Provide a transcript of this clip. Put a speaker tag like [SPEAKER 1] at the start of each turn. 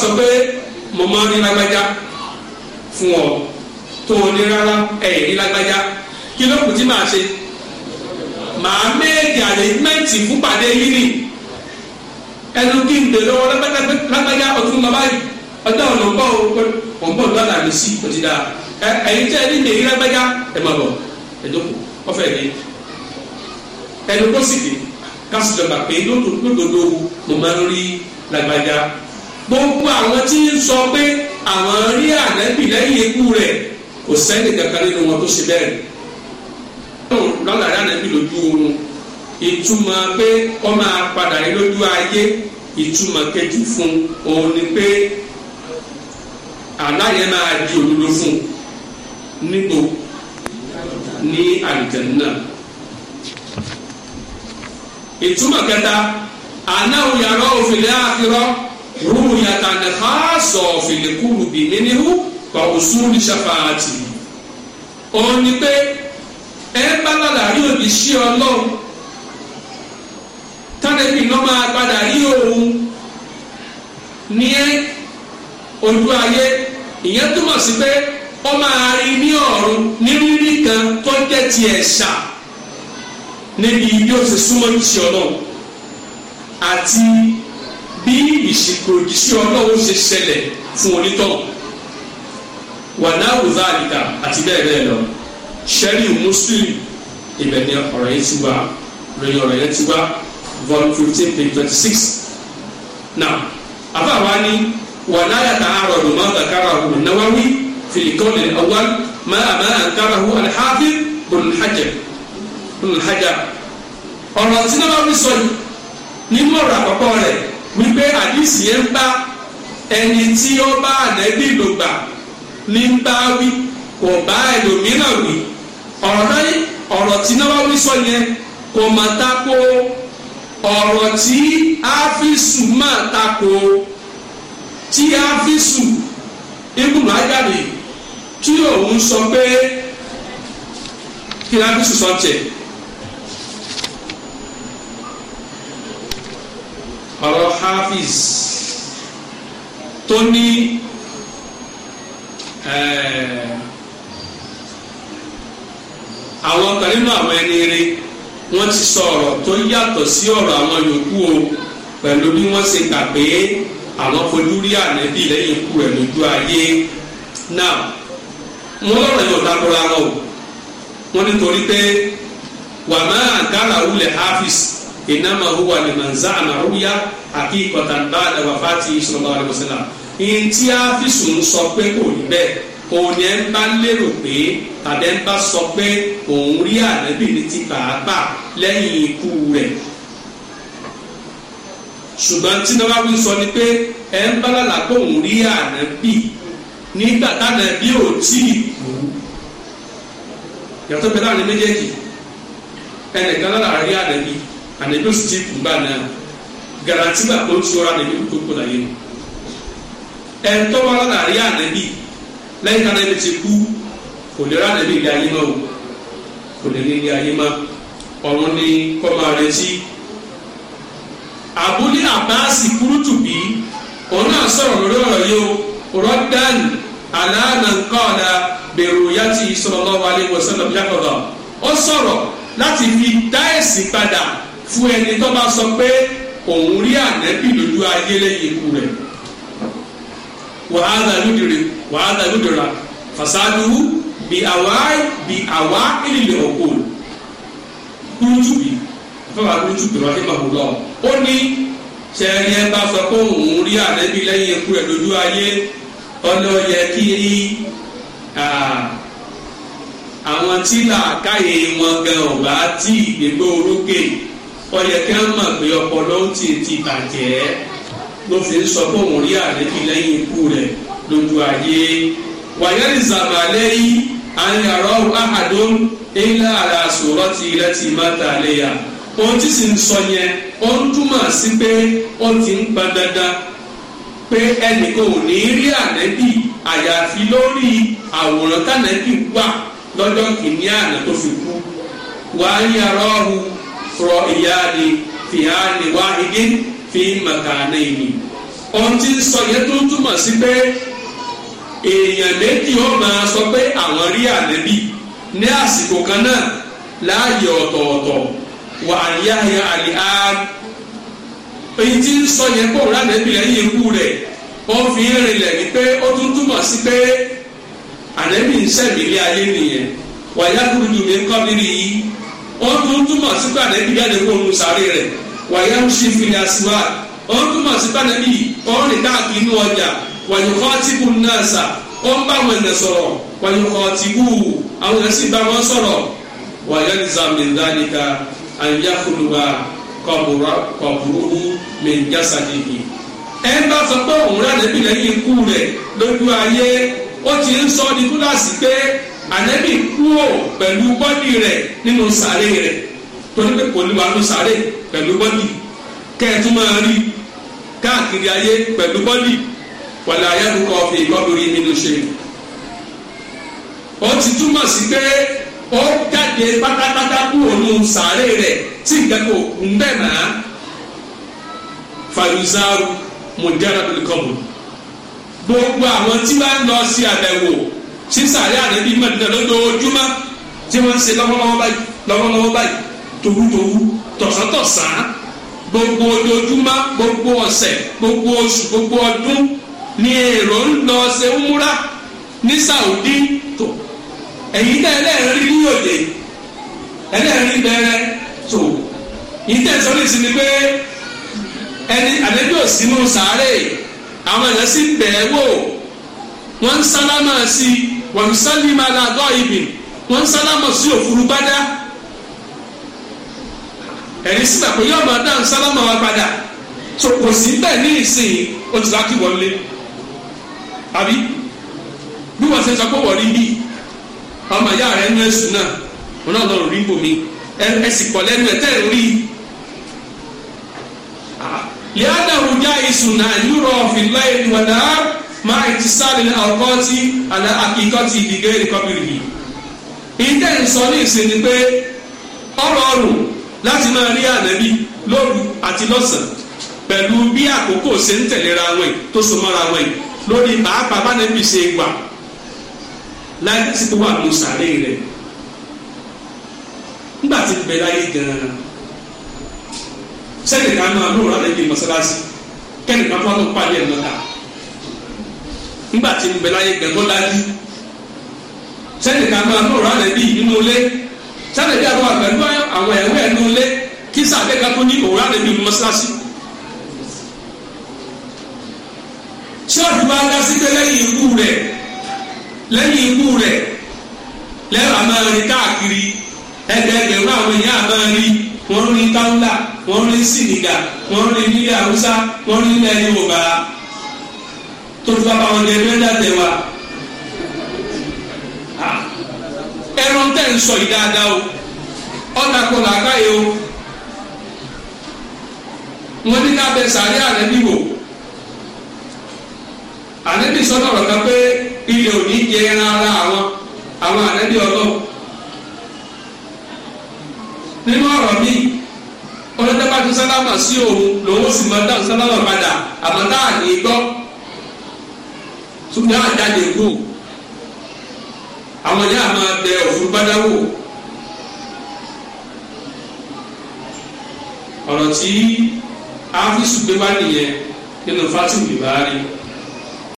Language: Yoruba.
[SPEAKER 1] sọ pé mo máa rí lágbájá fún ọ tó o ní rárá ẹ rí lágbájá kí ló kù tí màá ṣe màá méjì àlẹ́gbẹ̀ntì fún pàdé yìí nì ẹnu kí n dè lọ́wọ́ lágbájá ọdún bàbá yìí ọjọ́ ọ̀nà ń bọ̀ ọ̀n bọ̀ lọ́la mi sí kò ti dáa ẹ̀yin tí ẹ ní lè rí lágbájá ẹ máa bọ̀ ẹ dọ́kọ̀ ọ̀fẹ́ mi ẹnu kó sì dé kásìtọ̀ gbà pé lódodo mo máa ń rí lágbájá gbogbo àwọn tí ń sọ pé àwọn rí ànábì lẹ́yìn ikú rẹ̀ kò sẹ́ni kankan nínú wọn tó ṣe bẹ́ẹ̀ lọ́la rí ànábì lójú oorun ìtumọ̀ pé kọ́ máa padà rí lójú ayé ìtumọ̀ kejì fún òun ni pé aláyẹ máa di òdodo fún nígbò ní àlùjànnà ìtumọ̀ kẹta anáwó yàrá òfìlẹ́ àfirọ́ ruyatan khaso filikulu bi minihu ka usuli shafaati òun ni pé ẹ bá lọ́la rí òbí sí ọlọ́run tánẹ́bì náà máa padà rí òun ní ojú ayé ìyẹn túmọ̀ sí pé ó máa rí ní ọ̀run ní kan tó jẹ́ ti ẹ̀ṣà níbi bí ó ti súnmọ́ ìṣẹ́ ọlọ́run àti bí ìsìnkú ìjísí ọlọ́run ṣe ṣẹlẹ̀ fún onítọ̀hún wà náà wò záàlìkà àti bẹ́ẹ̀ bẹ́ẹ̀ lọ ṣẹ́rí mùsùlùmí ibẹ̀ ni ọ̀rọ̀ yẹn ti wá lóyún ọ̀rọ̀ yẹn ti wá volume fifteen page twenty six now àbáwá ni wà náà yàtà àrọ̀ ọ̀dùn máa dàkárà ọ̀hún náwá wí fìlìkọ́ọ̀lì àwọn máa máa àǹkárà ọ̀hún ọ̀rọ̀ tí náà wá wí sọ nínú àkọ́kọ́ rẹ̀ àdìsí yẹn bá ẹni tí ó bá ànẹ́bí lògbà ní bá wí kò bá ẹlòmíràn wí ọ̀rọ̀ ọ̀rọ̀ tí náà wá wí sọ yẹn kò mà tako ọ̀rọ̀ tí áfíìsù mà tako tí áfíìsù ibùdó ajáde tí òun sọ pé kí áfíìsù sọ tiẹ̀. hafiz tó ní àwọn kan nínú àwọn ẹni rẹ wọ́n ti sọ ọ̀rọ̀ tó yàtọ̀ sí ọ̀rọ̀ àwọn yòókù o pẹ̀lú bí wọ́n ṣe gbà pé àwọn fojú rí ànẹ́bí lẹ́yìn ikú rẹ̀ lójú ayé náà wọ́n lọ́rọ̀ yóò dákúra wọn o wọ́n nítorí pé wàmẹ́ àgàrà wulẹ̀ hafiz inama huwa liman zaama ruya hakikatan ba'da wafati sallallahu alaihi wasallam ntí afisu ń sọ pé kò ní bẹ́ẹ̀ òun ni ẹ ń bá lérò pé tàbí ẹ ń bá sọ pé òun rí ànábì ní ti pàápàá lẹ́yìn ikú rẹ̀ ṣùgbọ́n tí náà wá wí sọ ni pé ẹ ń bá lálà òun rí ànábì nígbà tánàbí ò tí ì kú yàtọ̀ bẹ́ẹ̀ láàrin méjèèjì ẹnìkan lálà rí ànábì anabi o si kun ba na garanti ba ko ti yọrọ anabi ko ko la ye ẹntọmọla na ri anabi lẹ́yìn kana ebi ti ku kò lè ra anabi ilé ayé ma o kò lè rí ilé ayé ma ọ̀run ni kọ́má rẹ̀ sí abúlé àbáàsì kúrútù bí òun náà sọ̀rọ̀ lórí ọ̀rọ̀ yìí o rọ́dán aláàmọ̀nkọ́ọ̀dà bẹ̀rù yàtì sallallahu alaihi wasallam yàtọ̀ lọ ó sọ̀rọ̀ láti fi dá padà fún ẹni tó bá sọ pé òun rí ànẹ́bí lójú ayé lẹ́yìn ikú rẹ̀ wàhálà lódìrí wàhálà lódìrà fàṣáájú bí àwa bí àwa ìlìlẹ̀ òkú kúrútù yìí fẹ́wàá kúrútù bẹ̀rẹ̀ wáyé màmú lọ ó ní sẹ́ni ẹ bá sọ pé òun rí ànẹ́bí lẹ́yìn ikú rẹ̀ lójú ayé ọlọ́ yẹ kí àwọn tí làákàyè wọn gan ọ̀gá tí ìgbégbó orókè ọyẹ kí wọn mọ̀ pé ọpọlọ ń ti ti bàjẹ́ ló fi ń sọ fún òun rí àdébí lẹ́yìn ikú rẹ̀ lójú ayé wàyẹ̀rì zàmàlẹ́ yìí àyàrá àhàdùn ilá ara sòrọ́ ti ilẹ̀ ti má ta léyà ohun tí sì ń sọ yẹn ó ń túmọ̀ sí pé ó ti ń pa dandan pé ẹnìkan ò ní rí àdébí àyàfi lórí àwòrán tànẹ́bí wà lọ́jọ́ kìíní àná tó fi kú wàá yàrá ọ̀hún ra'iyani fi ani wahidin fi makanayni ohun tí ń sọ yẹn tó túmọ̀ sí pé èèyàn méjì ó máa sọ pé àwọn rí ànábì ní àsìkò kan náà láàyè ọ̀tọ̀ọ̀tọ̀ wà á yáyà àlè á èyí tí ń sọ yẹn kó rà nẹ́bí lẹ́yìn ikú rẹ̀ wọ́n fi ń rinlẹ̀ wípé ó tún túmọ̀ sí pé ànẹ́bí ń sẹ̀mí ilé ayé nìyẹn wàyà kúrúdù mi ń kọ́ nínú yìí wọ́n tún túmọ̀ sí gbàdẹ́bí jáde kó nu sáré rẹ̀ wàyà ń ṣe fìlà àsìmá wọ́n túmọ̀ sí gbàdẹ́bí ọ̀rìn káàkiri inú ọjà wàyùkọ́ tí kò náà sà ó ń bá àwọn ènìyàn sọ̀rọ̀ wàyùkọ́ tí kò àwọn ènìyàn sì bá wọn sọ̀rọ̀ wàyà ń zàmì dáníka àyàkùnúwa kọ̀bùrú mi ń jásà nìyí. ẹ bá sọ pé òun rẹ̀ lẹ́bi lẹ́yìn ikú rẹ̀ lójú ayé ó ti ń sọ ní kúláàsì pé ànábì kúrò pẹ̀lú bọ́dì rẹ̀ nínú sàárè rẹ̀ torí pé kò ní wà ló sàárè pẹ̀lú bọ́dì kẹ́ẹ̀tú máa rí káàkiri ayé pẹ̀lú bọ́dì wàlẹ̀ ayélujára ọ̀fẹ́ ìkọ́bìrì nínú ṣe. ó ti túmọ̀ sí pé ó jáde pátápátá kúrò nínú sàárè rẹ̀ tí nǹkan kò ń bẹ̀ máa fàyùzáàrù mọ̀jára lórí kọ́mù gbogbo àwọn tí wàá lọ sí àbẹ̀wò sísàárẹ̀ àrẹ́bí mẹ́tẹ́lẹ̀ lójoojúmọ́ tí wọ́n ń ṣe lọ́wọ́lọ́wọ́ báyìí tòwútòwú tọ̀sántọ̀sán gbogbo ojoojúmọ́ gbogbo ọ̀sẹ̀ gbogbo oṣù gbogbo ọdún ni èrò ń lọ ṣe ń múra ní Saudi tó ẹ̀yin tẹ́ ẹlẹ́rìí ní òde ẹlẹ́rìí bẹ̀rẹ̀ tó yìí tẹ́ sọ́ni sí ni pé ẹni àlejò sínú sàárè àwọn ẹ̀rẹ́ sì bẹ̀ẹ́ wò wọ́n ń sálámà sí i wọ́n sálí máa la àgọ́ ibì wọ́n sálámọ̀ sí òfurufú gbádá ẹ̀rí sígbà pé yóò máa dáhùn sálámọ̀ wa padà tó kò sí bẹ́ẹ̀ ní ìsìn ó ti wá kí wọ́n lé àbí bí wọ́n ṣe sọ pé bí ọmọ ìyá rẹ̀ ń lẹ́sùn náà wọn náà lọ́ọ́ rí bòmí ẹ sì kọ́ lẹ́nu ẹ̀ tẹ́ ẹ̀ rí yàtọ̀ òjá ìsùn náà yúrọ̀ fìlà ìwọ̀n náà máa ń sáàlì àkọ́tì àná àkíkọ́tì ìdígé ìkọ́bìrì yìí. ìdẹ́ ìsọ ní ìsìn ni pé ọ̀rọ̀ ọ̀rùn láti máa rí ànábì lóru àti lọ́sàn-án pẹ̀lú bí àkókò ṣe ń tẹ̀léra wọn tó so mọ́ra wọn lórí pàápàá bá nẹ́bí ṣe wà láì sí tó wà lóṣà lẹ́yìn rẹ̀ nígbà tí ń bẹ láyé gan-an sẹ́nìkan náà lóòrán lẹ́yìn mọ́sálásí kẹ́nìkan tó wà tó pàdé ẹ̀ lọ́ta nígbà tí mo bẹ láyé gbẹ tó dájú sẹ́ni kan máa ní òrán ẹbí nínú ilé sẹ́ni bí àwọn àgbẹ̀lú àwọn ẹ̀wọ́ ẹ̀ nínú ilé kí sàbẹ̀ kan tó ní òrán ẹbí mọ́ṣáláṣí. ṣọ́ọ̀bù bá dá sí pé lẹ́yìn ikú rẹ̀ lẹ́yìn ikú rẹ̀ lẹ́rọ àmọ́rin káàkiri ẹgbẹ̀ẹgbẹ̀rún àwọn èèyàn àmọ́rin wọ́n rí táwùlà wọ́n rí sìnìgà wọ́n rí nílẹ̀ haúsá wọ́n rí nílẹ̀ yorùbá tó fi bàbá wọn jẹ ẹgbẹ́ jáde wa ẹran tẹ̀ ń sọ yìí dáadáa o ọ̀nà kò làákàyè o wọ́n ní ká bẹ sàárẹ̀ àrẹ níwò ànẹ́bí sọ́nà ọ̀rọ̀ kan pé ilé òní jẹ ẹran ara àwọn àwọn ànẹ́bí ọlọ́run nínú ọ̀rọ̀ mi ọlọ́dẹ́gbàdún sí òun lòun sì máa dáhùn sálámà padà àmọ́ náà ní gbọ́ sùdá àdáde kú àwọn yá máa bẹ òfin bádáwò ọ̀rọ̀ tí áfíìsù gbé wá nìyẹn nínú fátìmù ìbáraẹni.